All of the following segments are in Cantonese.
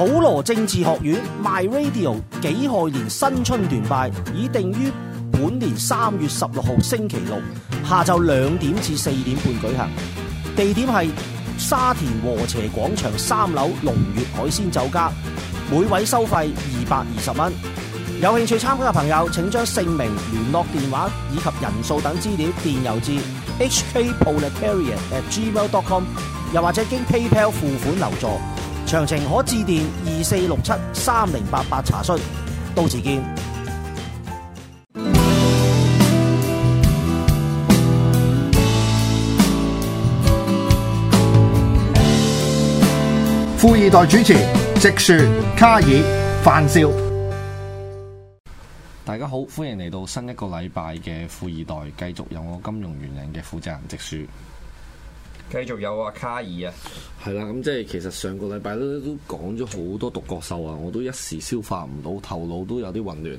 普羅政治學院 My Radio 己亥年新春團拜已定於本年三月十六號星期六下晝兩點至四點半舉行，地點係沙田禾輋廣場三樓龍悅海鮮酒家，每位收費二百二十蚊。有興趣參加嘅朋友，請將姓名、聯絡電話以及人數等資料電郵至 hkpolitical@gmail.com，又或者經 PayPal 付款留座。詳情可致電二四六七三零八八查詢，到時見。富易袋主持直樹、卡爾、范少。大家好，歡迎嚟到新一個禮拜嘅富易袋，繼續有我金融園領嘅負責人直樹。繼續有啊，卡爾啊，係啦，咁 即係其實上個禮拜都都講咗好多獨角獸啊，我都一時消化唔到，頭腦都有啲混亂。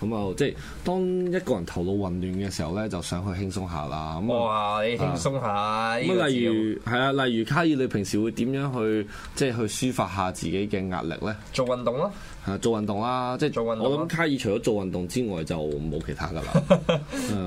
咁啊，即係當一個人頭腦混亂嘅時候咧，就想去輕鬆下啦。哇，你輕鬆下，咁例如係啊，例如卡爾，你平時會點樣去即係去抒發下自己嘅壓力咧？做運動咯，係做運動啊！即係做運，我諗卡爾除咗做運動之外，就冇其他噶啦。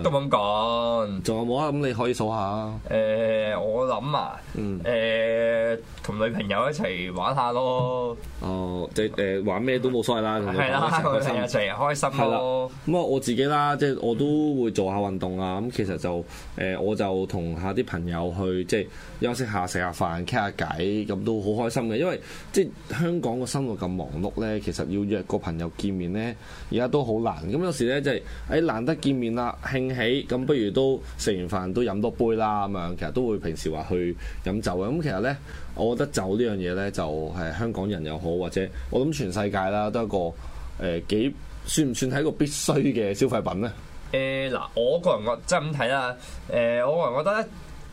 都咁講，仲有冇啊？咁你可以數下啊。誒，我諗啊，誒，同女朋友一齊玩下咯。哦，即誒，玩咩都冇所謂啦，係啦，女朋友一齊開心哦，咁啊、嗯，我自己啦，即係我都會做下運動啊。咁其實就誒、呃，我就同下啲朋友去即係休息下，食下飯，傾下偈，咁都好開心嘅。因為即係香港個生活咁忙碌呢，其實要約個朋友見面呢，而家都好難。咁、嗯、有時呢，即係誒，難得見面啦，興起咁，不如都食完飯都飲多杯啦。咁樣其實都會平時話去飲酒嘅。咁、嗯、其實呢，我覺得酒呢樣嘢呢，就誒、係、香港人又好，或者我諗全世界啦，都係一個誒、呃、幾。算唔算係一個必須嘅消費品咧？誒，嗱，我個人覺即係咁睇啦。誒，我個人覺得咧，呃、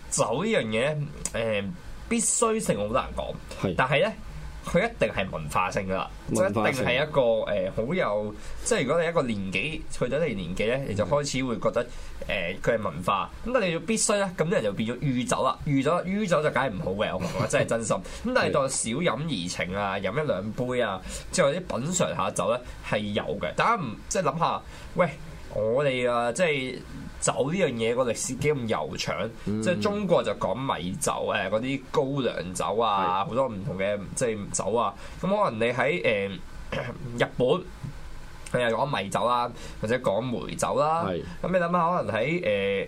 得酒呢樣嘢咧，誒、呃、必須性我好難講。係。但係咧。佢一定係文化性噶啦，即係一定係一個誒、呃、好有，即係如果你一個年紀去到你年紀咧，你就開始會覺得誒佢係文化，咁但係要必須咧，咁啲人就變咗酗酒啦，酗咗於酒就梗係唔好嘅，我講真係真心。咁但係當少飲怡情啊，飲一兩杯啊，之後啲品嚐下酒咧係有嘅。大家唔即係諗下，喂。我哋啊，即係酒呢樣嘢，個歷史幾咁悠長，嗯、即係中國就講米酒誒，嗰啲高粱酒啊，好的多唔同嘅即係酒啊，咁、嗯、可能你喺誒日本。佢又講米酒啦，或者講梅酒啦。係。咁你諗下，可能喺誒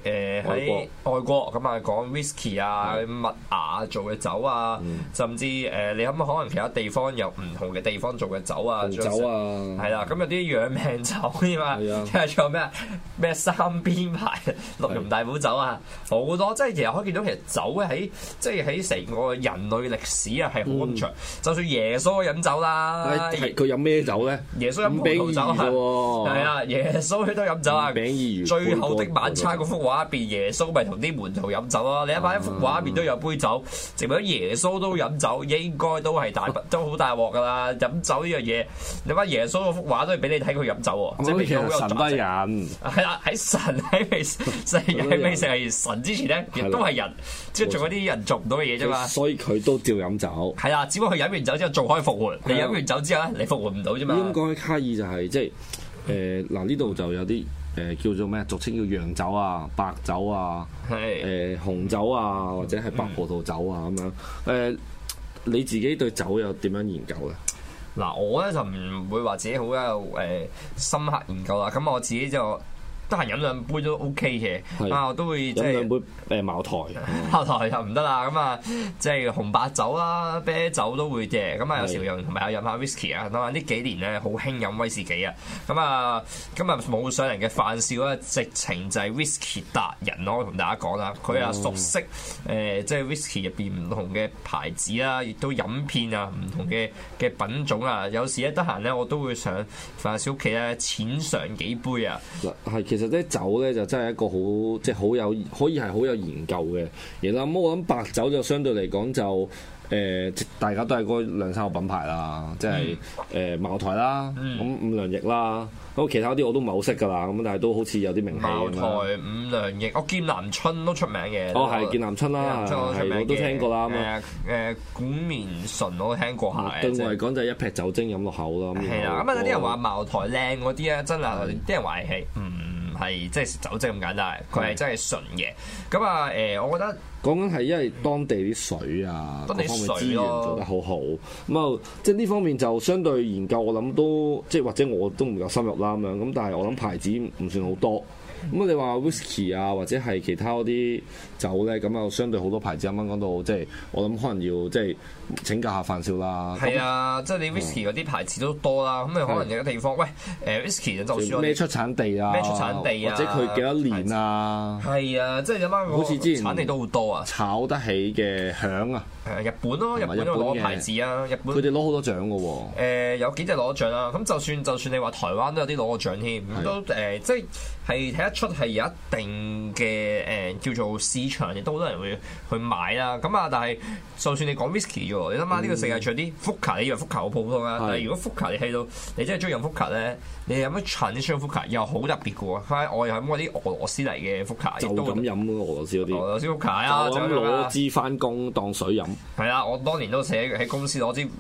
誒喺外國咁啊，講 whisky 啊、麥芽做嘅酒啊，甚至誒你諗下，可能其他地方有唔同嘅地方做嘅酒啊。紅酒啊。係啦，咁有啲養命酒㗎嘛。係啊。仲有咩啊？咩三鞭牌、鹿茸大補酒啊，好多。即係其實可以見到，其實酒喺即係喺成個人類歷史啊係好長。就算耶穌飲酒啦。佢飲咩酒咧？耶穌飲葡萄酒。係喎，係啊！耶穌都飲酒啊！最後的晚餐嗰幅畫入邊，耶穌咪同啲門徒飲酒咯。你一擺一幅畫入邊都有杯酒，證明耶穌都飲酒，應該都係大都好大鑊噶啦。飲酒呢樣嘢，你擺耶穌幅畫都係俾你睇佢飲酒喎。即係俾佢做神人，係啊！喺神喺未成喺未成係神之前咧，亦都係人，即係做一啲人做唔到嘅嘢啫嘛。所以佢都照飲酒。係啦，只不過佢飲完酒之後仲可以復活，你飲完酒之後咧，你復活唔到啫嘛。應該卡爾就係係。即係誒，嗱呢度就有啲誒、呃、叫做咩俗稱叫洋酒啊、白酒啊、誒 Hey.、呃、紅酒啊，或者係白葡萄酒啊咁樣。誒、呃嗯呃，你自己對酒又點樣研究咧？嗱，我咧就唔會話自己好有誒、呃、深刻研究啦。咁我自己就。得閒飲兩杯都 OK 嘅，啊是我都會飲兩杯誒、呃、茅台。茅台、嗯、就唔得啦，咁啊即係紅白酒啦、啊、啤酒都會嘅，咁啊有時又同埋有飲下 w 威士忌啊。咁啊呢幾年咧好興飲威士忌啊，咁啊今日冇上嚟嘅范少啊，直情就係威士忌達人咯，同大家講啦，佢啊熟悉誒即係威士忌入邊唔同嘅牌子啊，亦都飲遍啊唔同嘅嘅品種啊。有時咧得閒咧我都會上范少屋企咧淺嘗幾杯啊。其實啲酒咧就真係一個好即係好有可以係好有研究嘅。而咁我諗白酒就相對嚟講就誒、呃，大家都係嗰兩三個品牌啦，即係誒茅台啦，咁、嗯、五糧液啦，咁其他啲我都唔係好識噶啦。咁但係都好似有啲名氣咁茅台、五糧液，我劍南春都出名嘅。哦，係劍南春啦，係我都聽過啦。咁誒、呃呃，古綿純我都聽過下嘅。說對我嚟講就係一劈酒精飲落口咯。係啦。咁啊，有啲人話茅台靚嗰啲啊，真係啲人話係。嗯。係即係酒精咁簡單，佢係真係純嘅咁啊！誒的、呃，我覺得講緊係因為當地啲水啊，當地水、啊、方面資源做得好好咁啊，即係呢方面就相對研究我，我諗都即係或者我都唔夠深入啦咁樣咁，但係我諗牌子唔算好多。咁你話 whiskey 啊，或者係其他嗰啲酒咧，咁又相對好多牌子啱啱講到，即係我諗可能要即係請教下范少啦。係啊，即係你 whiskey 嗰啲牌子都多啦。咁你可能有啲地方，喂，誒 whiskey 就算咩出產地啊，咩出產地啊，或者佢幾多年啊？係啊，即係一好似之前，產地都好多啊。炒得起嘅響啊！日本咯，日本攞個牌子啊，日本佢哋攞好多獎嘅喎。有幾隻攞獎啊？咁就算就算你話台灣都有啲攞過獎添，都誒，即係係睇一。出係有一定嘅誒，叫做市場亦都好多人會去買啦。咁啊，但係就算你講 whisky 喎，你諗下呢個世界仲有啲伏卡，你以為伏卡好普通啊？但係如果伏卡你喺度你真係中意飲伏卡咧，你有乜陳啲雙伏卡又好特別嘅喎？我又係乜啲俄羅斯嚟嘅伏卡，就咁飲俄羅斯嗰啲俄羅斯伏卡啊！就咁攞支返工當水飲係啊！我當年都寫喺公司攞支誒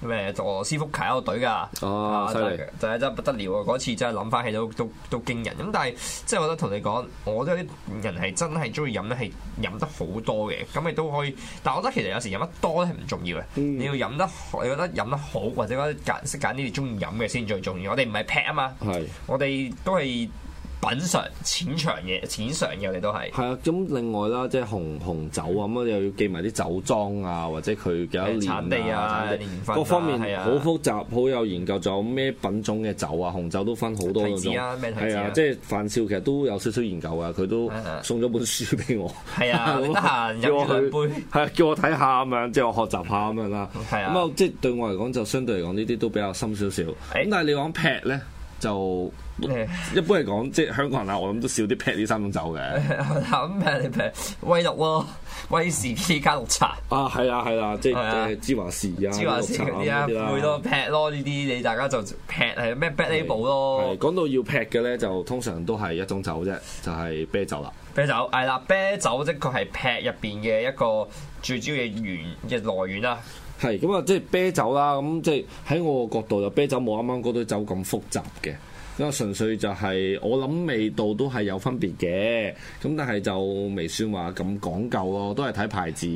咩俄羅斯伏卡喺度隊㗎，犀利！但係真不得了啊！嗰次真係諗翻起都都都驚人咁，但係。即係我覺得同你講，我覺得啲人係真係中意飲咧，係飲得好多嘅，咁你都可以。但係我覺得其實有時飲得多咧係唔重要嘅，嗯、你要飲得，你覺得飲得好，或者覺得揀識揀啲你中意飲嘅先最重要。我哋唔係劈啊嘛，係、我哋都係。品嚐淺嘗嘢，淺嘗嘢我哋都係。係啊，咁另外啦，即係紅紅酒啊，乜又要記埋啲酒莊啊，或者佢嘅產地啊，各方面係啊。好複雜，好有研究。仲有咩品種嘅酒啊？紅酒都分好多種。係啊，即係范少其實都有少少研究啊。佢都送咗本書俾我。係啊，得閒飲兩杯。係啊，叫我睇下咁樣，即係我學習下咁樣啦。係啊，咁啊，即係對我嚟講就相對嚟講呢啲都比較深少少。咁但係你講劈咧？就一般嚟講， 即係香港人啦，我諗都少啲劈呢三種酒嘅 諗劈劈威六咯、哦，威士忌加綠茶。啊，係啊，係啊，啊即係即係芝華士啊，嗰啲啊，最多、啊、劈咯呢啲，你大家就劈係咩 Black Label 咯。講到要劈嘅咧，就通常都係一種酒啫，就係、是、啤酒啦、啊啊。啤酒係啦，啤酒即係佢係劈入邊嘅一個最主要嘅源嘅來源啦、啊。係咁啊，即係啤酒啦，咁即係喺我個角度就啤酒冇啱啱嗰堆酒咁複雜嘅，因為純粹就係我諗味道都係有分別嘅，咁但係就未算話咁講究咯，都係睇牌子，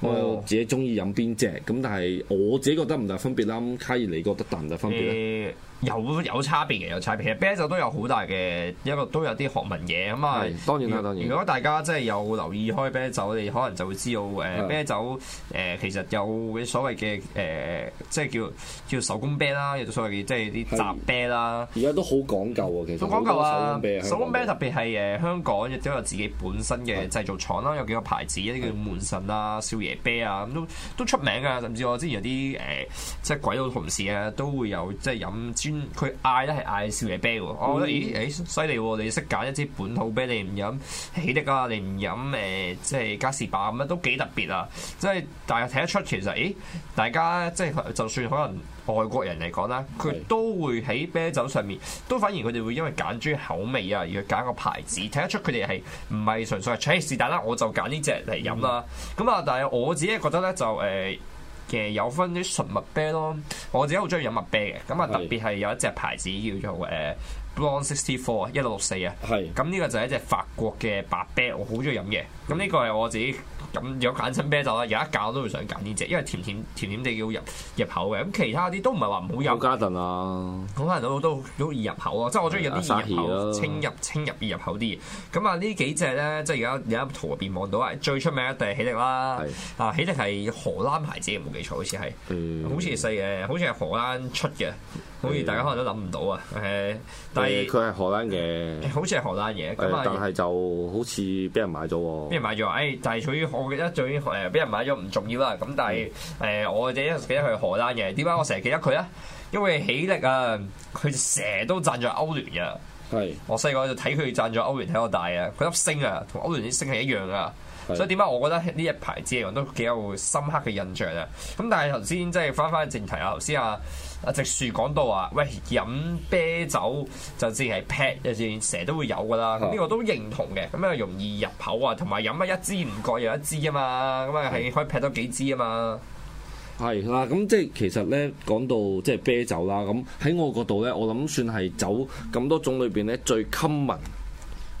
哦、我自己中意飲邊隻，咁但係我自己覺得唔大分別啦。咁卡爾，你覺得大唔大分別咧？嗯有有差別嘅，有差別。其實啤酒都有好大嘅，一個都有啲學問嘢咁啊。當然啦，當然。如果大家即係有留意開啤酒，你可能就會知道誒，呃、是的 啤酒誒、呃、其實有啲所謂嘅誒、呃，即係叫叫手工啤啦，有啲所謂即係啲雜啤啦。而家都好講究啊，其實。都講究啊，手工啤，手工啤特別係誒香港亦都有自己本身嘅製造廠啦，是的 有幾個牌子，一啲叫門神啦、少爺啤啊，咁都都出名啊。甚至我之前有啲誒、呃，即係鬼佬同事啊，都會有即係飲。飲飲佢嗌咧係嗌少爺啤喎，我覺得咦誒犀利喎，你識揀、欸哦、一支本土啤，你唔飲喜力啊，你唔飲誒即係加士伯咧，都幾特別啊！即係大家睇得出其實，咦、欸、大家即係就算可能外國人嚟講啦，佢都會喺啤酒上面，都反而佢哋會因為揀中口味啊，而揀個牌子，睇得出佢哋係唔係純粹係，切是但啦，我就揀呢隻嚟飲啦。咁啊、嗯，但係我自己覺得咧就誒。呃嘅有分啲純麥啤咯，我自己好中意飲麥啤嘅，咁啊特別係有一隻牌子叫做誒 Blanc Sixty Four 啊，一六六四啊，咁呢是個就係一隻法國嘅白啤，我好中意飲嘅，咁呢個係我自己。咁有揀親啤酒啦，有一間我都會想揀呢隻，因為甜甜甜甜地要入入口嘅。咁其他啲都唔係話唔好入口。康佳頓啊，康佳都好易入口啊，即係我中意有啲入口、清入清入易入口啲嘢。咁啊，呢幾隻咧，即係而家有一圖入邊望到啊，最出名一定係喜力啦，啊的喜力係荷蘭牌子，冇記錯好似係、嗯，好似細嘅，好似係荷蘭出嘅。好似大家可能都諗唔到啊！誒、呃，但係佢係荷蘭嘅、呃，好似係荷蘭嘢。咁、呃、但係就好似俾人買咗喎。俾人買咗？誒、哎，但係至於我記得至於誒，俾人買咗唔重要啦。咁但係誒、嗯呃，我只記得佢係荷蘭嘅。點解我成日記得佢啊？因為喜力啊，佢成日都贊助歐聯嘅。係，是 我細個就睇佢贊助歐聯睇我大啊。佢粒星啊，同歐聯啲星係一樣噶。所以點解我覺得呢一排之我都幾有深刻嘅印象啊！咁但係頭先即係翻翻正題啊，頭先阿阿直樹講到話，喂飲啤酒就先係劈，a t 就先成日都會有噶啦。呢是的 個都認同嘅，咁又容易入口啊，同埋飲乜一支唔覺又一支啊嘛，咁啊係可以劈多幾支啊嘛。係啦，咁即係其實咧講到即係啤酒啦，咁喺我角度咧，我諗算係酒咁多種裏邊咧，最 common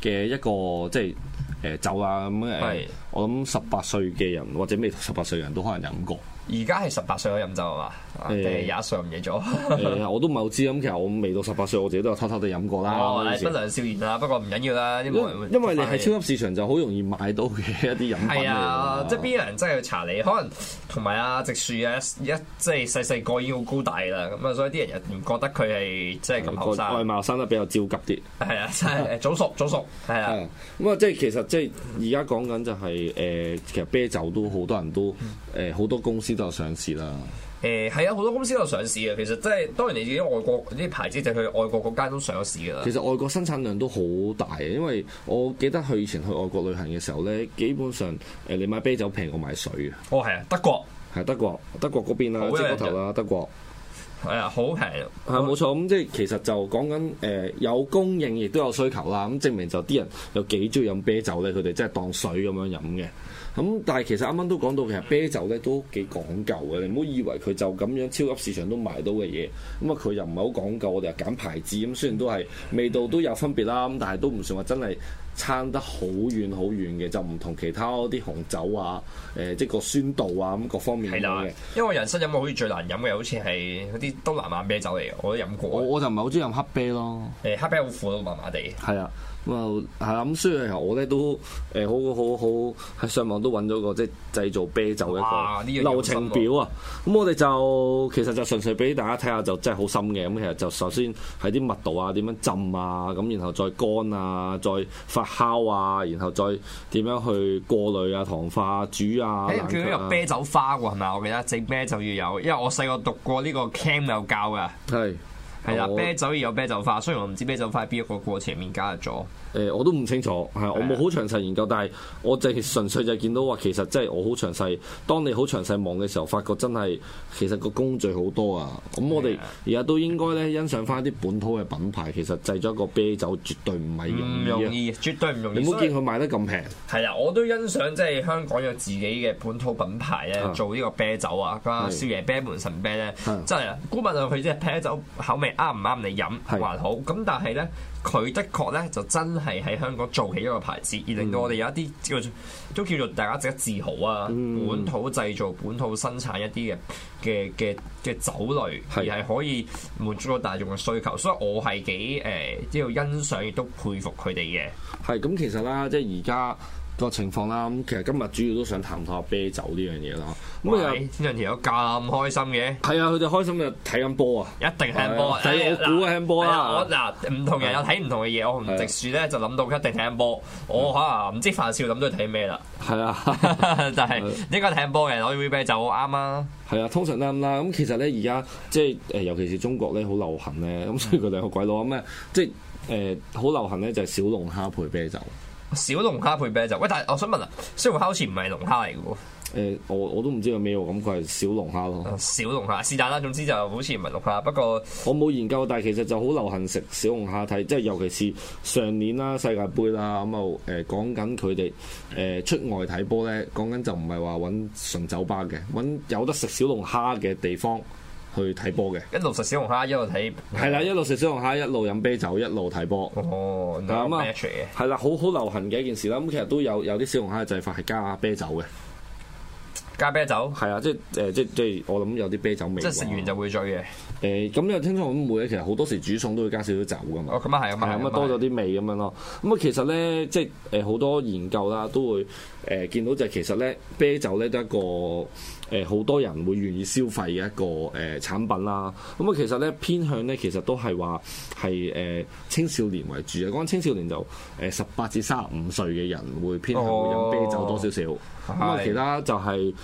嘅一個即係誒、呃、酒啊咁誒。我諗十八歲嘅人，或者未十八歲嘅人都可能飲過。而家係十八歲都飲酒係嘛？廿一歲唔記咗。我都唔知咁。其實我未到十八歲，我自己都有偷偷地飲過、嗯、我啦。哦，不良少年啊，不過唔緊要啦。因為因為你喺超級市場就好容易買到嘅一啲飲品係、嗯嗯、啊，即係邊有人真係去查你？可能同埋阿直樹啊，一即係細細個已經好高大啦。咁啊，所以啲人又唔覺得佢係即係咁後生。外貌生得比較焦急啲。係啊，早熟早熟係啊。咁啊，即係其實即係而家講緊就係、是、誒、呃，其實啤酒都好多人都誒，好多、呃、多公司。就上市啦。誒、嗯，係啊，好多公司都有上市嘅。其實、就是，即係當然，你自己，外國啲牌子就去外國國家都上市噶啦。其實外國生產量都好大啊，因為我記得去以前去外國旅行嘅時候咧，基本上誒、呃、你買啤酒平過買水嘅。哦，係啊，德國係、啊、德國，德國嗰邊啦，即係嗰頭啦，德國係啊，好平。係冇、嗯嗯、錯，咁即係其實就講緊誒有供應，亦都有需求啦。咁證明就啲人有幾中意飲啤酒咧，佢哋即係當水咁樣飲嘅。咁、嗯、但係其實啱啱都講到其實啤酒咧都幾講究嘅，你唔好以為佢就咁樣超級市場都買到嘅嘢，咁啊佢又唔係好講究，我哋又揀牌子，咁雖然都係味道都有分別啦，咁但係都唔算話真係爭得好遠好遠嘅，就唔同其他啲紅酒啊，誒、呃、即係個酸度啊咁各方面咁嘅。的因為人生飲我好似最難飲嘅，好似係嗰啲東南亞啤酒嚟嘅，我都飲過我。我就唔係好中意飲黑啤咯，誒黑啤好苦到麻麻地。係啊。咁啊，係咁、嗯、所以我咧都誒、欸、好好好喺上網都揾咗個即係製造啤酒一個流程表啊！咁、嗯、我哋就其實就純粹俾大家睇下，就真係好深嘅咁、嗯。其實就首先喺啲密度啊，點樣浸啊，咁然後再乾啊，再發酵啊，然後再點樣去過濾啊、糖化、啊、煮啊。誒、啊，佢有啤酒花喎、啊，係咪我記得整啤酒要有，因為我細個讀過呢個 cam 有教嘅。係。係啦，啤酒要有啤酒花，雖然我唔知啤酒花喺邊一個過程入面加入咗。誒、欸，我都唔清楚，係我冇好詳細研究，但係我就純粹就見到話，其實即係我好詳細。當你好詳細望嘅時候，發覺真係其實個工序好多啊。咁我哋而家都應該咧欣賞翻啲本土嘅品牌。其實製咗個啤酒絕對唔係容易、唔容易，絕對唔容易。你冇見佢賣得咁平？係啦，我都欣賞即係香港有自己嘅本土品牌咧，做呢個啤酒啊，家的少爺啤門神啤咧，真係古物啊！佢嘅的啤酒口味。啱唔啱你飲還好，咁但係咧，佢的確咧就真係喺香港做起一個牌子，而令到我哋有一啲叫都叫做大家值得自豪啊！嗯、本土製造、本土生產一啲嘅嘅嘅嘅酒類，而係可以滿足到大眾嘅需求，所以我係幾誒知道欣賞亦都佩服佢哋嘅。係咁，其實啦，即係而家。個情況啦，咁其實今日主要都想探討下啤酒呢樣嘢啦。咁啊，天日條友咁開心嘅，係啊，佢哋開心就睇緊波啊，一定睇波，啊！我估睇波啊。我嗱唔同人有睇唔同嘅嘢，我同直樹咧就諗到一定睇緊波。我可能唔知凡少諗到睇咩啦。係啊，但係應該睇波嘅，攞杯啤酒啱啊。係啊，通常啱啦。咁其實咧而家即係誒，尤其是中國咧好流行咧，咁所以佢哋好鬼佬咁咧，即係誒好流行咧就係小龍蝦配啤酒。小龍蝦配啤酒，喂！但係我想問啊，雖然好似唔係龍蝦嚟嘅喎。誒，我我都唔知有咩喎，咁佢係小龍蝦咯。小龍蝦是但啦，欸哦，總之就好似唔係龍蝦，不過我冇研究，但係其實就好流行食小龍蝦，睇即係尤其是上年啦、世界盃啦咁啊誒，講緊佢哋誒出外睇波咧，講緊就唔係話揾純酒吧嘅，揾有得食小龍蝦嘅地方。去睇波嘅，一路食小龍蝦一路睇，係啦，一路食小龍蝦一路飲啤酒一路睇波，哦，咁啊，係啦，好好流行嘅一件事啦。咁其實都有有啲小龍蝦嘅製法係加啤酒嘅，加啤酒，係啊，即係誒，即即我諗有啲啤酒味，即係食完就會醉嘅。誒，咁又聽講每，其實好多時煮餸都會加少少酒噶嘛。哦，咁啊係啊咁啊多咗啲味咁樣咯。咁啊，其實咧即誒好多研究啦，都會誒見到就係其實咧啤酒咧都係一個。誒好多人會願意消費嘅一個誒產品啦，咁啊其實咧偏向咧其實都係話係誒青少年為主嘅。嗰陣青少年就誒十八至卅五歲嘅人會偏向會飲啤酒多少少。Oh. 咁啊、嗯，其他就係、是、誒、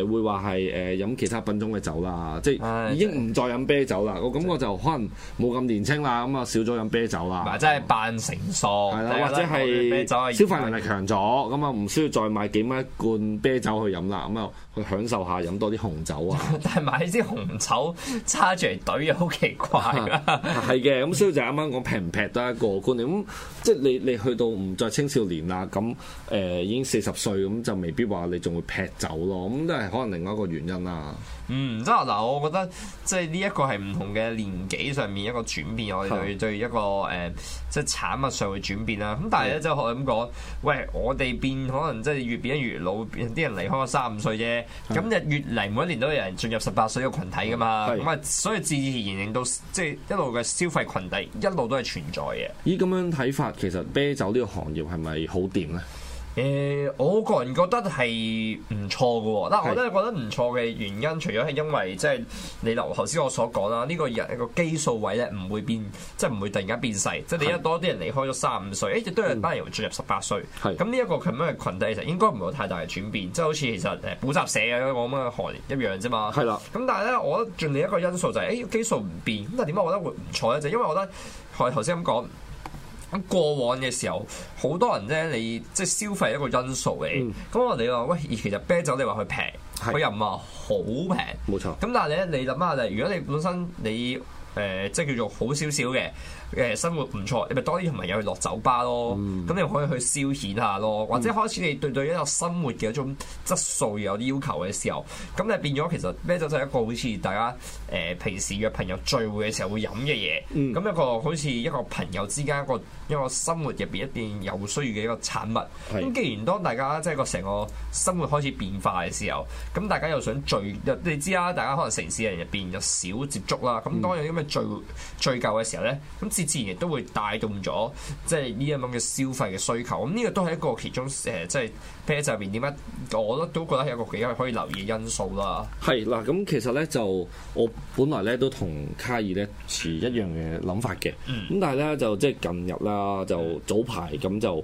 呃、會話係誒飲其他品種嘅酒啦，即係已經唔再飲啤酒啦。我、哎就是、感覺就可能冇咁年輕啦，咁啊少咗飲啤酒啦。唔係即係扮成熟，係啦、嗯，或者係消費能力強咗，咁啊唔需要再買幾蚊一罐啤酒去飲啦，咁啊去享受下飲多啲紅酒啊。 但係買支紅酒叉住嚟對又好奇怪㗎 係嘅，咁所以就啱啱講劈唔劈得係一,一個觀念。即係你你去到唔再青少年啦，咁誒已經四十歲咁就未必話你仲會劈酒咯，咁都係可能另外一個原因啦。嗯，即係嗱，我覺得即係呢一個係唔同嘅年紀上面一個轉變，的我哋對一個誒、呃，即係產物上嘅轉變啦。咁但係咧，即係可以咁講，喂，我哋變可能即係越變越老，啲人離開個三五歲啫。咁的就越嚟每一年都有人進入十八歲嘅群體噶嘛。咁啊的，所以自，自然然令到即係一路嘅消費群體一路都係存在嘅。咦，咁樣睇法，其實啤酒呢個行業係咪好掂咧？誒、呃，我個人覺得係唔錯嘅喎，嗱，我都係覺得唔錯嘅原因，除咗係因為即係你留頭先我所講啦，呢個人個基數位咧唔會變，即係唔會突然間變細，是 即係你一多啲人離開咗三五歲，誒、嗯哎，亦都有班人會進入十八歲，咁呢一個咁樣嘅群體其實應該唔會有太大嘅轉變，即係是 好似其實誒補習社嘅咁嘅行業一樣啫嘛，係啦。咁但係咧，我覺得盡另一個因素就係、是、誒、哎、基數唔變，咁但係點解我覺得會唔錯咧？就因為我覺得我頭先咁講。過往嘅時候，好多人咧，你即係消費一個因素嚟。咁、嗯、我哋話喂，其實啤酒你話佢平，佢是 又唔係好平，冇沒錯。咁但係你咧，你諗下，就如果你本身你誒、呃，即係叫做好少少嘅。誒生活唔錯，你咪多啲同朋友去落酒吧咯，咁、嗯、你可以去消遣下咯，或者開始你對對一個生活嘅一種質素有要求嘅時候，咁你變咗其實啤酒就係一個好似大家誒、呃、平時約朋友聚會嘅時候會飲嘅嘢，咁、嗯、一個好似一個朋友之間一個一個生活入邊一定有需要嘅一個產物。咁、嗯、既然當大家即係個成個生活開始變化嘅時候，咁大家又想聚，你知啦、啊，大家可能城市人入邊又少接觸啦，咁當有啲咁嘅聚聚舊嘅時候咧，咁。即自然亦都會帶動咗，即係呢一咁嘅消費嘅需求。咁、嗯、呢、這個都係一個其中誒、呃，即係啤 a 入面點解？我覺得都覺得係一個幾可以留意嘅因素啦。係嗱，咁其實咧就我本來咧都同卡爾咧持一樣嘅諗法嘅。咁但係咧就即係近日啦，就早排咁就誒、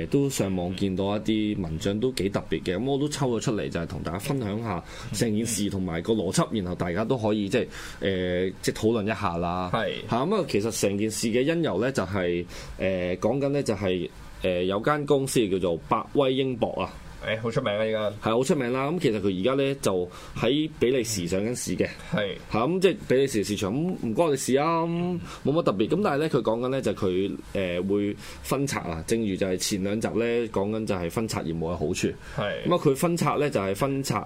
呃、都上網見到一啲文章都幾特別嘅。咁我都抽咗出嚟，就係同大家分享下成件事同埋、嗯、個邏輯，然後大家都可以、呃、即係誒即係討論一下啦。係是。嚇！咁啊，其實成。件事嘅因由咧，就係誒講緊咧，就係誒有間公司叫做百威英博啊，誒好、欸、出名啊，依家係好出名啦。咁其實佢而家咧就喺比利時上緊市嘅，係咁、嗯嗯、即係比利時市場，咁唔關我哋事啊，冇、嗯、乜特別。咁但係咧，佢講緊咧就佢誒會分拆啊，正如就係前兩集咧講緊就係分拆業務嘅好處，係咁啊。佢分拆咧就係、是、分拆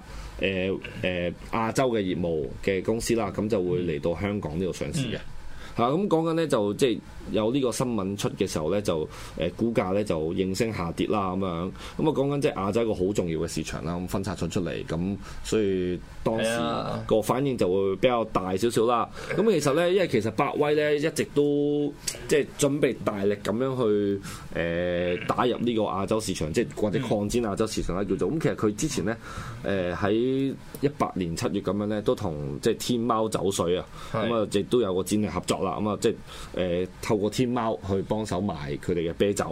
誒誒、呃呃、亞洲嘅業務嘅公司啦，咁就會嚟到香港呢度上市嘅。嗯嚇咁、嗯、講緊咧，就即係有呢個新聞出嘅時候咧，就誒、呃、股價咧就應聲下跌啦咁樣。咁、嗯、啊講緊即係亞洲一個好重要嘅市場啦，咁分拆咗出嚟，咁所以當時個反應就會比較大少少啦。咁其實咧，嗯嗯、因為其實百威咧一直都即係準備大力咁樣去誒、呃、打入呢個亞洲市場，即係或者擴展亞洲市場啦，叫做。咁其實佢之前咧誒喺一八年七月咁樣咧，都同即係天貓酒水啊，咁啊亦都有個戰略合作。是嗯啦咁啊，即係誒、呃，透過天貓去幫手買佢哋嘅啤酒，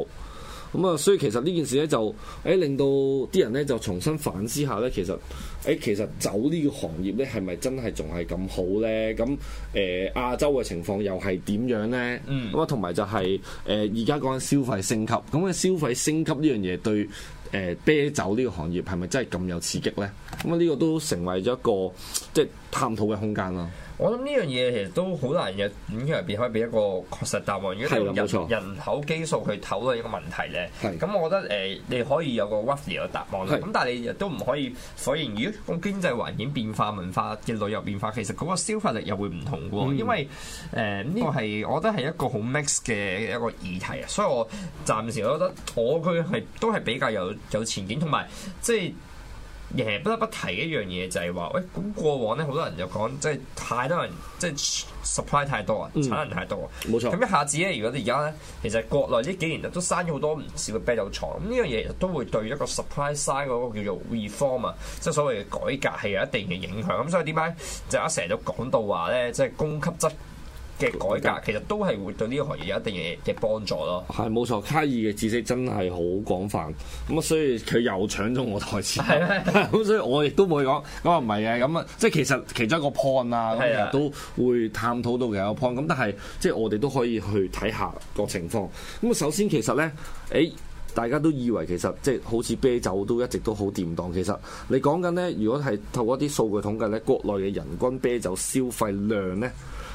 咁、嗯、啊，所以其實呢件事咧就誒、欸、令到啲人咧就重新反思下咧，其實誒、欸、其實酒呢個行業咧係咪真係仲係咁好咧？咁誒亞洲嘅情況又係點樣咧？嗯，咁啊同埋就係誒而家講緊消費升級，咁嘅消費升級呢樣嘢對誒、呃、啤酒呢個行業係咪真係咁有刺激咧？咁啊呢個都成為咗一個即係、就是、探討嘅空間啦。我諗呢樣嘢其實都好難嘅，完全係可以俾一個確實答案。如果係用人口基數去討論一個問題咧，咁是 我覺得誒、呃，你可以有個 rough 嘅答案。咁是 但係你亦都唔可以否認。如果個經濟環境變化、文化嘅旅遊變化，其實嗰個消費力又會唔同嘅。嗯、因為誒呢、呃這個係，我覺得係一個好 mix 嘅一個議題啊。所以我暫時覺得我佢係都係比較有有前景，同埋即係。不得不提一樣嘢就係話，喂、欸，咁過往咧，好多人就講，即係太多人，即係 supply 太多啊，嗯、產能太多啊，冇錯。咁一下子咧，如果你而家咧，其實國內呢幾年都生咗好多唔少嘅啤酒廠，咁呢樣嘢都會對一個 supply side 嗰個叫做 reform 啊，即係所謂嘅改革係有一定嘅影響。咁所以點解就一成日都講到話咧，即係供給側嘅改革其實都係會對呢個行業有一定嘅幫助咯。係冇錯，卡爾嘅知識真係好廣泛，咁所以佢又搶咗我台詞，咁嗎所以我亦都會講，咁啊唔係啊，咁啊，即係其實其中一個 point 啊，咁啊的都會探討到其他 point，咁但係即係我哋都可以去睇下個情況。咁啊，首先其實呢，誒、欸、大家都以為其實即係好似啤酒都一直都好掂當，其實你講緊呢，如果係透過一啲數據統計呢，國內嘅人均啤酒消費量呢，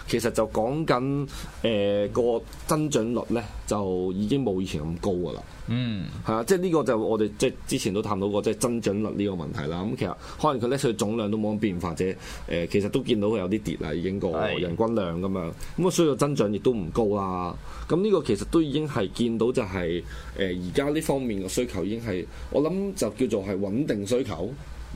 其實就講緊誒個增長率咧，就已經冇以前咁高噶啦、嗯啊。嗯，係啊，即係呢個就我哋即係之前都探討過，即係增長率呢個問題啦。咁其實可能佢咧，佢總量都冇乜變化啫。誒、呃，其實都見到佢有啲跌啦，已經個是的 人均量咁樣。咁、嗯、啊，需要增長亦都唔高啦。咁、嗯、呢、呢個其實都已經係見到就係誒而家呢方面嘅需求已經係我諗就叫做係穩定需求。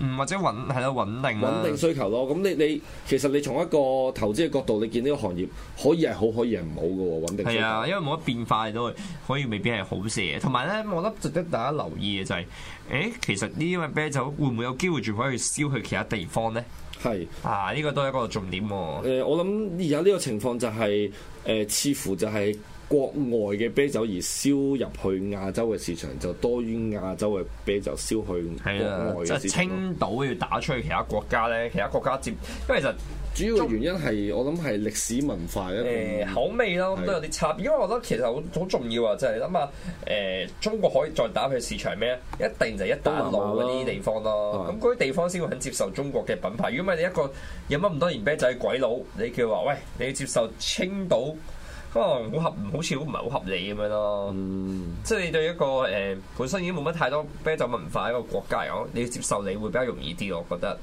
嗯，或者穩係咯，穩定。穩定需求咯，咁你你其實你從一個投資嘅角度，你見呢個行業可以係好，可以係唔好嘅穩定需求。係啊，因為冇乜變化都可以，未必係好事。同埋咧，我覺得值得大家留意嘅就係，誒，其實呢啲咩啤酒會唔會有機會仲可以燒去其他地方咧？係啊，呢個都係一個重點喎。誒，我諗而家呢個情況就係，誒，似乎就係，國外嘅啤酒而銷入去亞洲嘅市場，就多於亞洲嘅啤酒銷去國外嘅市場。即係、就是、青島要打出去其他國家咧，其他國家接，因為其實主要嘅原因係我諗係歷史文化咧、呃，口味咯是的 都有啲差。因為我覺得其實好好重要啊，就係諗下誒，中國可以再打去市場咩？一定就一打路嗰啲地方咯。咁嗰啲地方先會肯接受中國嘅品牌。如果唔係你一個飲咗咁多年啤酒嘅、就是、鬼佬，你叫話喂，你要接受青島？咁啊、哦，好合，好似都唔係好合理咁樣咯。嗯、即係你對一個誒、呃、本身已經冇乜太多啤酒文化一個國家嚟講，你要接受你會比較容易啲，我覺得、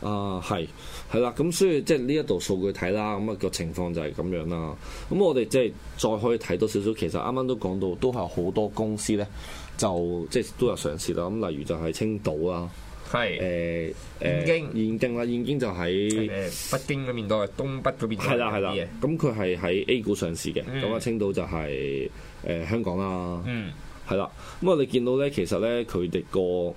呃。啊，係係啦，咁所以即係呢一度數據睇啦，咁、那、啊個情況就係咁樣啦。咁我哋即係再可以睇多少少，其實啱啱都講到，都係好多公司咧，就即係都有嘗試啦。咁例如就係青島啦。係，誒、嗯，燕京，燕京啦，燕京就喺北京嗰邊度，東北嗰邊。係啦，係啦，咁佢係喺 A 股上市嘅，咁啊的，青島就係、是、誒、呃、香港啦，嗯，係啦，咁我哋見到咧，其實咧，佢哋個。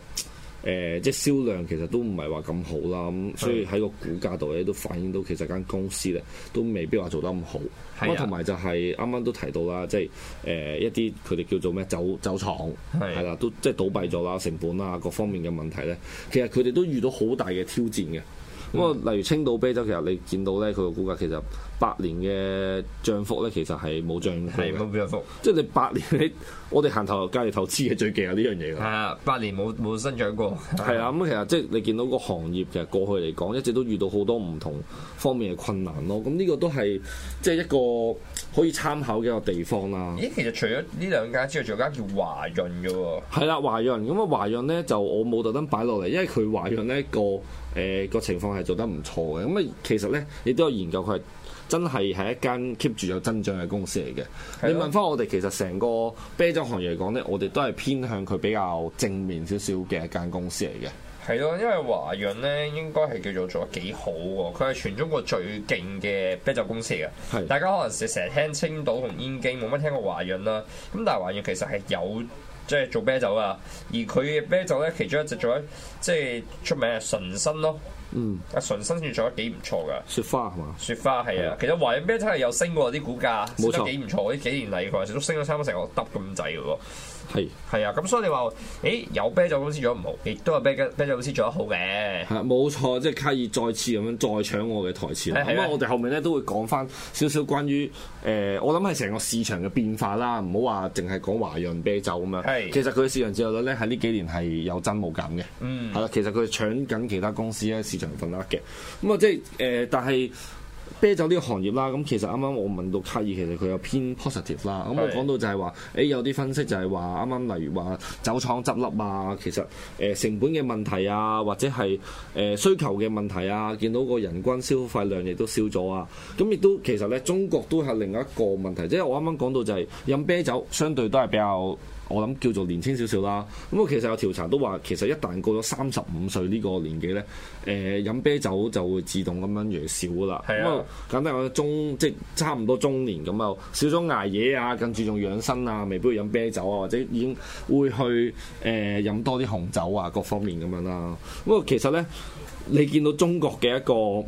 誒、呃，即係銷量其實都唔係話咁好啦，咁的所以喺個股價度咧都反映到其實間公司咧都未必話做得咁好。咁同埋就係啱啱都提到啦，即係誒、呃、一啲佢哋叫做咩酒酒廠係啦的，都即係倒閉咗啦、的成本啦各方面嘅問題咧，其實佢哋都遇到好大嘅挑戰嘅。咁啊的，例如青島啤酒，其實你見到咧佢個股價其實，八年嘅漲幅咧，其實係冇漲幅。的即係你八年你， 我哋行頭隔離投資嘅最忌啊呢樣嘢㗎。係啊的，八年冇冇增長過。係啊， 咁其實即係你見到個行業其實過去嚟講一直都遇到好多唔同方面嘅困難咯。咁呢個都係即係一個可以參考嘅一個地方啦。咦，其實除咗呢兩間之外，仲有間叫華潤㗎喎。係啦，華潤咁啊，華潤咧就我冇特登擺落嚟，因為佢華潤咧個誒個情況係做得唔錯嘅。咁啊，其實咧你都有研究佢。真係係一間 keep 住有增長嘅公司嚟嘅。的你問翻我哋，其實成個啤酒行業嚟講咧，我哋都係偏向佢比較正面少少嘅一間公司嚟嘅。係咯，因為華潤咧應該係叫做做得幾好喎，佢係全中國最勁嘅啤酒公司嚟嘅。係的，大家可能成成日聽青島同燕京，冇乜聽過華潤啦。咁但係華潤其實係有即係、就是、做啤酒㗎，而佢嘅啤酒咧其中一隻做咗即係出名係純生咯。嗯，阿、啊、純生意做得幾唔錯噶，雪花係嘛？雪花係啊，啊，其實華潤啤真係有升過啲股價，錯升得幾唔錯。呢幾年嚟佢話都升咗差唔多成個咁滯噶喎。係係啊，咁所以你話，誒，有啤酒公司做得唔好，亦都有啤酒啤酒公司做得好嘅。係冇錯，即係卡爾再次咁樣再搶我嘅台詞。咁啊、哎嗯，我哋後面咧都會講翻少少關於誒、呃，我諗係成個市場嘅變化啦，唔好話淨係講華潤啤酒咁樣。係的，其實佢嘅市場佔有率咧喺呢幾年係有增冇減嘅。嗯，係啦，其實佢搶緊其他公司咧市場份額嘅。咁、嗯、啊，即係誒、呃，但係。啤酒呢個行業啦，咁其實啱啱我問到卡爾，其實佢有偏 positive 啦的。咁我講到就係話，誒有啲分析就係話，啱啱例如話酒廠執笠啊，其實誒成本嘅問題啊，或者係誒需求嘅問題啊，見到個人均消費量亦都少咗啊。咁亦都其實咧，中國都係另一個問題，即係我啱啱講到就係飲啤酒相對都係比較。我諗叫做年輕少少啦，咁啊其實有調查都話，其實一旦過咗三十五歲呢個年紀咧，誒、呃、飲啤酒就會自動咁樣越少噶啦。咁是啊就簡單講，中即係差唔多中年咁啊，少咗捱夜啊，更注重養生啊，未必會飲啤酒啊，或者已經會去誒飲、呃、多啲紅酒啊，各方面咁樣啦。不過其實咧，你見到中國嘅一個。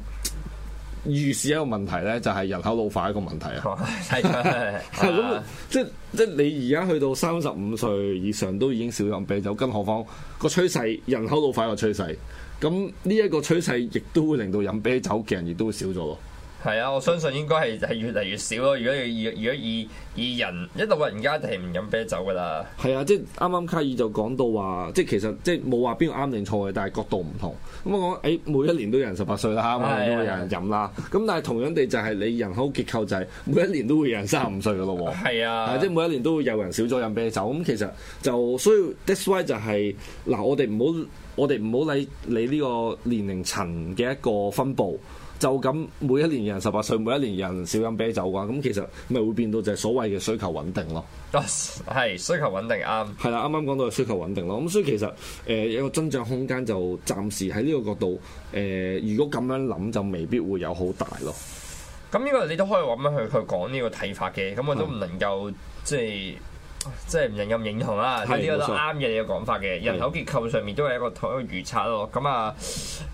預示一個問題咧，就係、是、人口老化一個問題啊。係咁、 嗯、即即你而家去到三十五歲以上都已經少飲啤酒，更何況個趨勢人口老化一個趨勢，咁呢一個趨勢亦都會令到飲啤酒嘅人亦都會少咗喎。係啊，我相信應該係係越嚟越少咯。如果以如果以以人，因為老人家一定係唔飲啤酒噶啦。係啊，即係啱啱卡爾就講到話，即係其實即係冇話邊個啱定錯嘅，但係角度唔同。咁我講，每一年都有人十八歲啦，啱啊都有人飲啦。咁、啊、但係同樣地就係你人口結構就係每一年都會有人三十五歲噶咯喎。係啊，即係每一年都會有人少咗飲啤酒。咁其實就所以 that's why 就係、是、嗱，我哋唔好我哋唔好理你呢個年齡層嘅一個分佈。就咁每一年人十八歲，每一年人少飲啤酒嘅話，咁其實咪會變到就係所謂嘅需求穩定咯。係需求穩定啱。係啦，啱啱講到嘅需求穩定咯。咁所以其實誒、呃、有一個增長空間就暫時喺呢個角度誒、呃，如果咁樣諗就未必會有好大咯、嗯。咁呢個你都可以揾乜去去講呢個睇法嘅。咁我都唔能夠即係即係唔認咁認同啦。呢個都啱嘅嘅講法嘅、嗯、人口結構上面都係一個一個預測咯。咁、嗯、啊，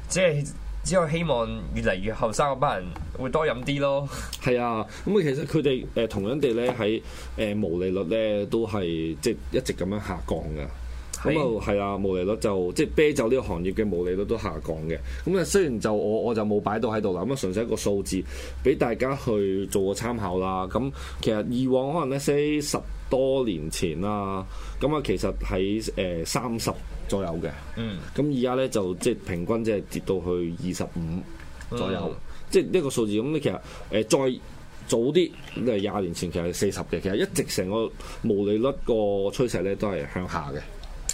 即係。之後希望越嚟越後生嗰班人會多飲啲咯。係啊，咁啊其實佢哋誒同樣地咧喺誒毛利率咧都係即係一直咁樣下降㗎。咁啊係啊，毛利率就即係、就係、啤酒呢個行業嘅毛利率都下降嘅。咁啊雖然就我我就冇擺到喺度啦，咁啊純粹一個數字俾大家去做個參考啦。咁其實以往可能咧 say 十多年前啦，咁啊其實喺誒三十左右嘅，咁而家咧就即係平均即係跌到去二十五左右，嗯、即係呢個數字。咁你其實誒再早啲，你誒廿年前其實係四十嘅。其實一直成個毛利率個趨勢咧都係向下嘅。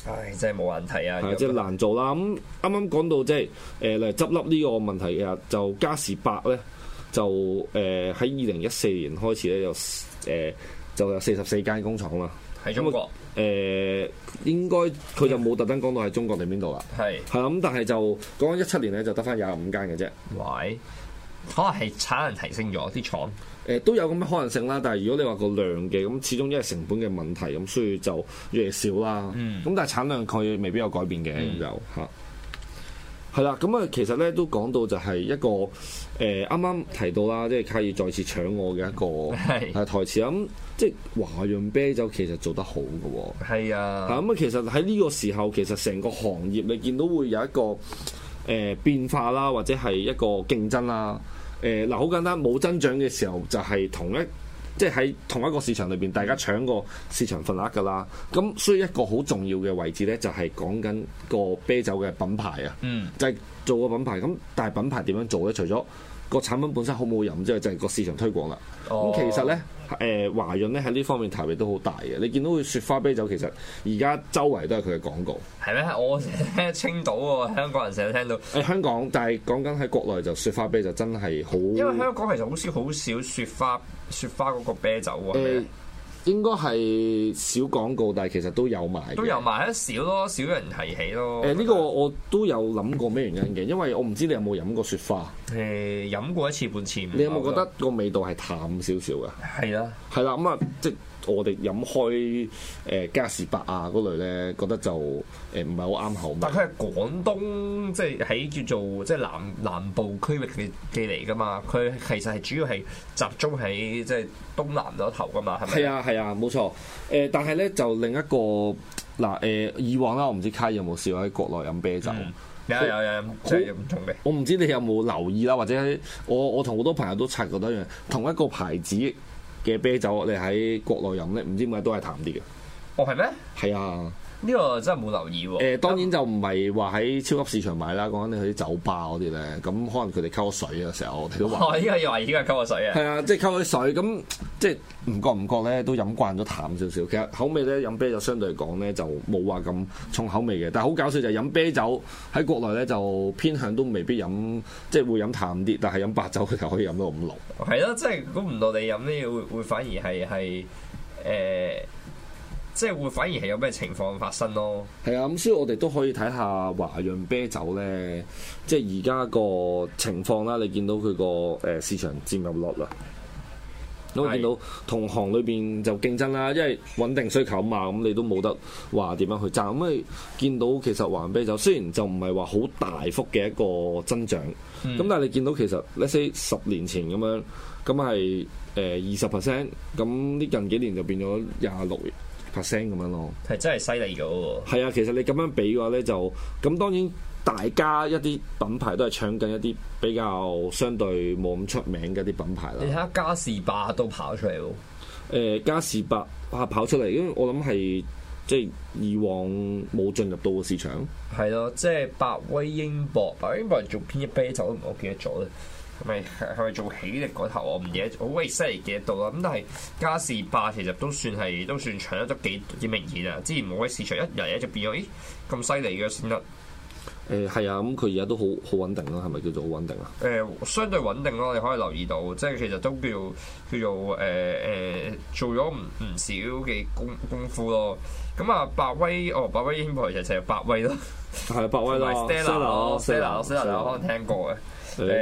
唉，真係冇問題啊！係是即係難做啦。咁啱啱講到即係誒嚟執笠呢個問題嘅，就嘉士伯咧就誒喺二零一四年開始咧就誒就有四十四間工廠啦。喺、呃、中國，誒應該佢就冇特登講到係中國定邊度啦。係、那個，係咁但係就講一七年咧就得翻廿五間嘅啫。喂，可能係產能提升咗啲廠。誒、呃、都有咁嘅可能性啦，但係如果你話個量嘅，咁始終因為成本嘅問題，咁所以就越嚟越少啦。嗯，咁但係產量佢未必有改變嘅，咁、嗯、就嚇。係啦，咁啊、嗯，其實咧都講到就係一個誒，啱、呃、啱提到啦，即係卡爾再次搶我嘅一個係台詞咁是、啊嗯，即係華潤啤酒其實做得好嘅喎。係是啊，咁啊，其實喺呢個時候，其實成個行業你見到會有一個誒、呃、變化啦，或者係一個競爭啦。誒、呃、嗱，好簡單，冇增長嘅時候就係同一。即係喺同一個市場裏邊，大家搶個市場份額㗎啦。咁所以一個好重要嘅位置呢，就係講緊個啤酒嘅品牌啊。嗯，就係做個品牌。咁但係品牌點樣做呢？除咗個產品本身好唔好飲之外，就係個市場推廣啦。咁、哦、其實呢。誒華潤咧喺呢方面投入都好大嘅，你見到佢雪花啤酒其實而家周圍都係佢嘅廣告。係咩？我聽青島喎，香港人成日聽到。誒香港，但係講緊喺國內就雪花啤酒真係好。因為香港其實好似好少雪花雪花嗰個啤酒喎。欸應該係少廣告，但係其實都有埋，都有埋。一少咯，少人提起咯。誒、欸，呢個我都有諗過咩原因嘅，因為我唔知你有冇飲過雪花。誒、欸，飲過一次半次。你有冇覺得個味道係淡少少嘅？係啦的。係啦，咁、嗯、啊，即我哋飲開誒，嘉士伯啊嗰類咧，覺得就誒唔係好啱口味。但佢係廣東，即係喺叫做即係南南部區域嘅嘅嚟噶嘛。佢其實係主要係集中喺即係東南嗰頭噶嘛，係咪？係啊，係啊，冇錯。誒，但係咧就另一個嗱誒、呃，以往啦，我唔知卡爾有冇試過喺國內飲啤酒？嗯、有有有種種，即係唔同嘅。我唔知你有冇留意啦，或者我我同好多朋友都察覺到一樣，同一個牌子。嘅啤酒，我哋喺國內飲咧，唔知點解都係淡啲嘅。哦，係咩？係啊。呢個真係冇留意喎！誒、呃，嗯、當然就唔係話喺超級市場買啦，講緊你去啲酒吧嗰啲咧，咁可能佢哋溝水啊，成日我哋都話。哦，依家又話依家溝水啊！係啊、就是，即係溝啲水，咁即係唔覺唔覺咧，都飲慣咗淡少少。其實口味咧，飲啤酒相對嚟講咧，就冇話咁重口味嘅。但係好搞笑就係飲啤酒喺國內咧，就偏向都未必飲，即係會飲淡啲，但係飲白酒佢就可以飲到咁濃。係啊，即係估唔到你飲咧，會會反而係係誒。即係會反而係有咩情況發生咯？係啊，咁所以我哋都可以睇下華潤啤酒咧，即係而家個情況啦。你見到佢個誒市場佔有率啦，是都見到同行裏邊就競爭啦，因為穩定需求嘛，咁你都冇得話點樣去賺咁。你見到其實華潤啤酒雖然就唔係話好大幅嘅一個增長，咁、嗯、但係你見到其實，let's say 十年前咁樣咁係誒二十 percent，咁啲近幾年就變咗廿六。percent 咁樣咯，係真係犀利咗喎。係啊，其實你咁樣比嘅話咧，就咁當然大家一啲品牌都係搶緊一啲比較相對冇咁出名嘅啲品牌啦。你睇下嘉士伯都跑出嚟喎、呃。誒，嘉士伯啊，跑出嚟，因為我諗係即係以往冇進入到個市場、啊。係咯，即係百威英博，百威英博人仲偏一啤酒，t 就我都唔好記得咗啦。咪係咪做起喜力嗰頭我唔記得，好鬼犀利記得到啦。咁但係嘉士伯其實都算係都算搶得都幾幾明顯啊。之前冇咩市場，一日一就變咗。咦，咁犀利嘅先得。誒係、欸、啊，咁佢而家都好好穩定咯，係咪叫做好穩定啊？誒、欸，相對穩定咯，你可以留意到，即係其實都叫叫做誒誒、呃呃、做咗唔唔少嘅功功夫咯。咁啊，百威哦，百威英其實就係百威咯，係百、啊、威咯 Stella，Stella 我可能聽過嘅。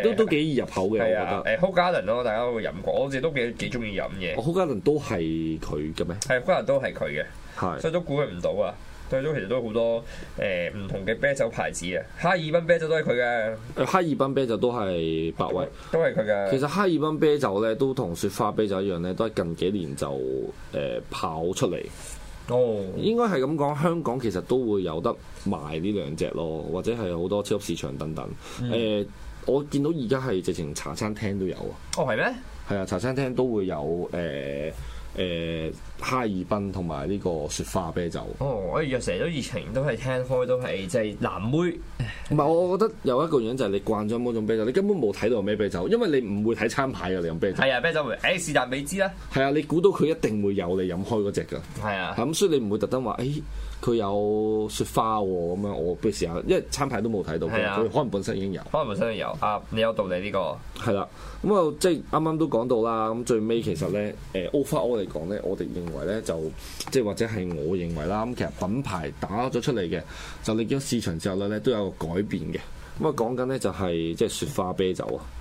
都都幾易入口嘅，我覺得。誒，好佳倫咯，大家會飲過，我哋都幾幾中意飲嘢。好佳倫都係佢嘅咩？係好佳倫都係佢嘅，所以都估佢唔到啊！對咗，其實都好多誒唔同嘅啤酒牌子啊。哈爾濱啤酒都係佢嘅。哈爾濱啤酒都係百威，都係佢嘅。其實哈爾濱啤酒咧，都同雪花啤酒一樣咧，都係近幾年就誒跑出嚟。哦，應該係咁講，香港其實都會有得賣呢兩隻咯，或者係好多超級市場等等誒。我見到而家係直情茶餐廳都有啊！哦，係咩？係啊，茶餐廳都會有誒誒、呃呃、哈爾濱同埋呢個雪花啤酒。哦，我約成日都熱情，都係聽開，都係就係、是、藍妹。唔 係，我覺得有一個原因就係、是、你慣咗嗰種啤酒，你根本冇睇到有咩啤酒，因為你唔會睇餐牌嘅。你飲啤酒係啊，啤酒味，誒、欸、是但未知啊。係啊，你估到佢一定會有你飲開嗰隻㗎。係啊的，咁所以你唔會特登話誒。哎佢有雪花咁樣，我不如試下，因為餐牌都冇睇到，佢的可能本身已經有，可能本身已經有啊！你有道理呢個，係啦，咁啊，即係啱啱都講到啦。咁最尾其實咧，誒 over all 嚟講咧，我哋認為咧就即係或者係我認為啦。咁其實品牌打咗出嚟嘅，就你令到市場節奏咧都有個改變嘅。咁啊，講緊咧就係即係雪花啤酒啊。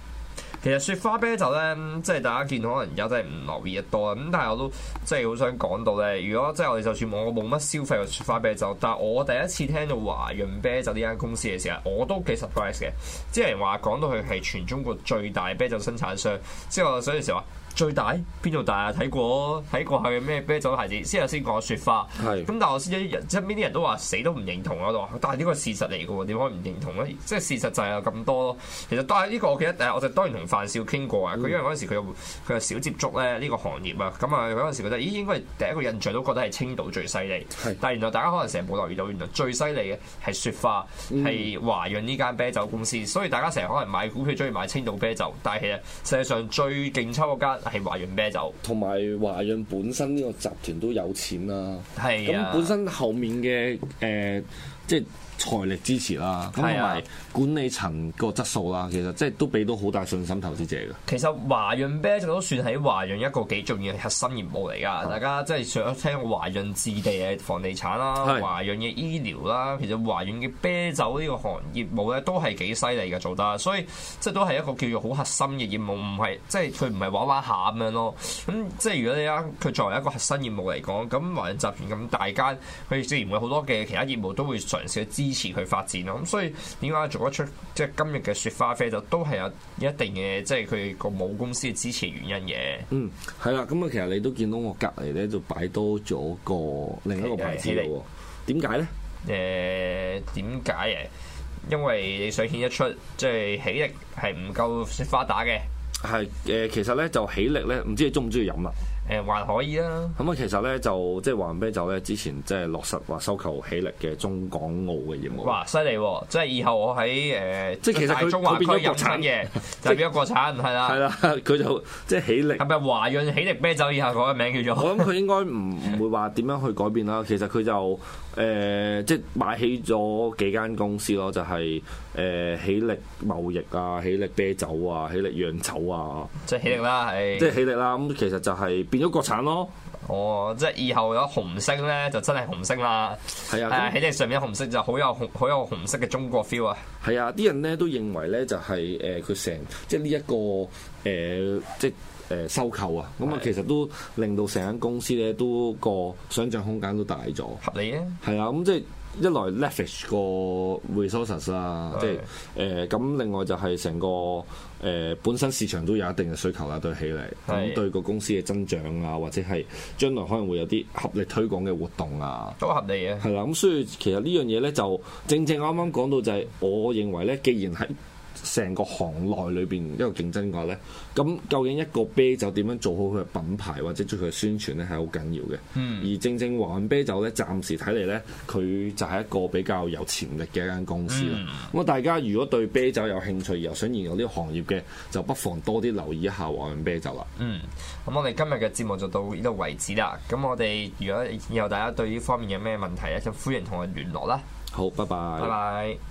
其實雪花啤酒呢，即係大家見到可能而家真係唔留意得多啦。咁但係我都即係好想講到呢。如果即係我哋就算我冇乜消費嘅雪花啤酒，但係我第一次聽到華潤啤酒呢間公司嘅時候，我都幾 surprise 嘅。即係話講到佢係全中國最大啤酒生產商之後，所以我就話。最大邊度大啊？睇過睇過係咩啤酒牌子？有先啊先講雪花，咁是。但係我先一入即係邊啲人都話死都唔認同啊！都但係呢個事實嚟嘅喎，點可以唔認同咧？即係事實就係有咁多咯。其實但係呢個，我記得我就當然同范少傾過啊。佢因為嗰陣時佢有佢又少接觸咧呢、呢個行業啊。咁啊嗰陣時覺得咦，應該係第一個印象都覺得係青島最犀利。是但係原來大家可能成日冇留意到，原來最犀利嘅係雪花，係華潤呢間啤酒公司。所以大家成日可能買股票中意買青島啤酒，但係其實世界上最勁抽嗰係華潤啤酒，同埋華潤本身呢個集團都有錢啦。係啊，咁本身後面嘅誒、呃，即係。財力支持啦、啊，咁同埋管理層個質素啦、啊，其實即係都俾到好大信心投資者嘅。其實華潤啤酒都算係華潤一個幾重要嘅核心業務嚟噶，大家即係想聽個華潤置地嘅房地產啦，華潤嘅醫療啦，其實華潤嘅啤酒呢個行業務咧都係幾犀利嘅做得，所以即係都係一個叫做好核心嘅業務，唔係即係佢唔係玩玩下咁樣咯。咁即係如果你睇佢作為一個核心業務嚟講，咁華潤集團咁大間，佢自然會好多嘅其他業務都會嘗試去支。支持佢發展咯，咁所以點解做一出即係今日嘅雪花啤就都係有一定嘅，即係佢個母公司嘅支持原因嘅。嗯，係啦，咁啊，其實你都見到我隔籬咧，就擺多咗個另一個牌子嘅喎。點解咧？誒，點解誒？因為你想顯一出，即係喜力係唔夠雪花打嘅。係誒、呃，其實咧就喜力咧，唔知你中唔中意飲啦？誒、嗯、還可以啦。咁啊，其實咧就即係華潤啤酒咧，之前即係落實話收購喜力嘅中港澳嘅業務。哇！犀利喎，即係以後我喺誒，呃、即係其實佢中佢變咗國產嘅，就變咗國產，係即啦，係啦、啊，佢就即係喜力。係咪華潤喜力啤酒以下改個名叫做？我諗佢應該唔唔會話點樣去改變啦。其實佢就誒即係買起咗幾間公司咯，就係誒喜力貿易啊、喜力啤酒啊、喜力釀酒啊，即係喜力啦，係。即係喜力啦，咁其實就係如果國產咯，哦，即係以後有紅色咧，就真係紅色啦。係啊，喺呢、呃、這樣 上面紅色就好有紅，好有紅色嘅中國 feel 啊。係啊，啲人咧都認為咧就係、是、誒，佢成即係呢一個誒，即係誒、這個呃、收購、嗯、啊。咁啊，其實都令到成間公司咧都個想象空間都大咗。合理啊？係、嗯、啊，咁即係。一來 leverage 個 resources 啦的，即係誒咁，呃、另外就係成個誒、呃、本身市場都有一定嘅需求啦，對起嚟咁的對個公司嘅增長啊，或者係將來可能會有啲合力推廣嘅活動啊，都合理嘅。係啦，咁所以其實呢樣嘢咧，就正正啱啱講到就係，我認為咧，既然係。成個行內裏邊一個競爭嘅話咧，咁究竟一個啤酒點樣做好佢嘅品牌或者做佢嘅宣傳呢？係好緊要嘅。嗯，而正正華潤啤酒呢，暫時睇嚟呢，佢就係一個比較有潛力嘅一間公司啦。咁啊，大家如果對啤酒有興趣，又想研究呢個行業嘅，就不妨多啲留意一下華潤啤酒啦。嗯，咁我哋今日嘅節目就到呢度為止啦。咁我哋如果以後大家對呢方面有咩問題咧，就歡迎同我聯絡啦。好，拜拜，拜拜。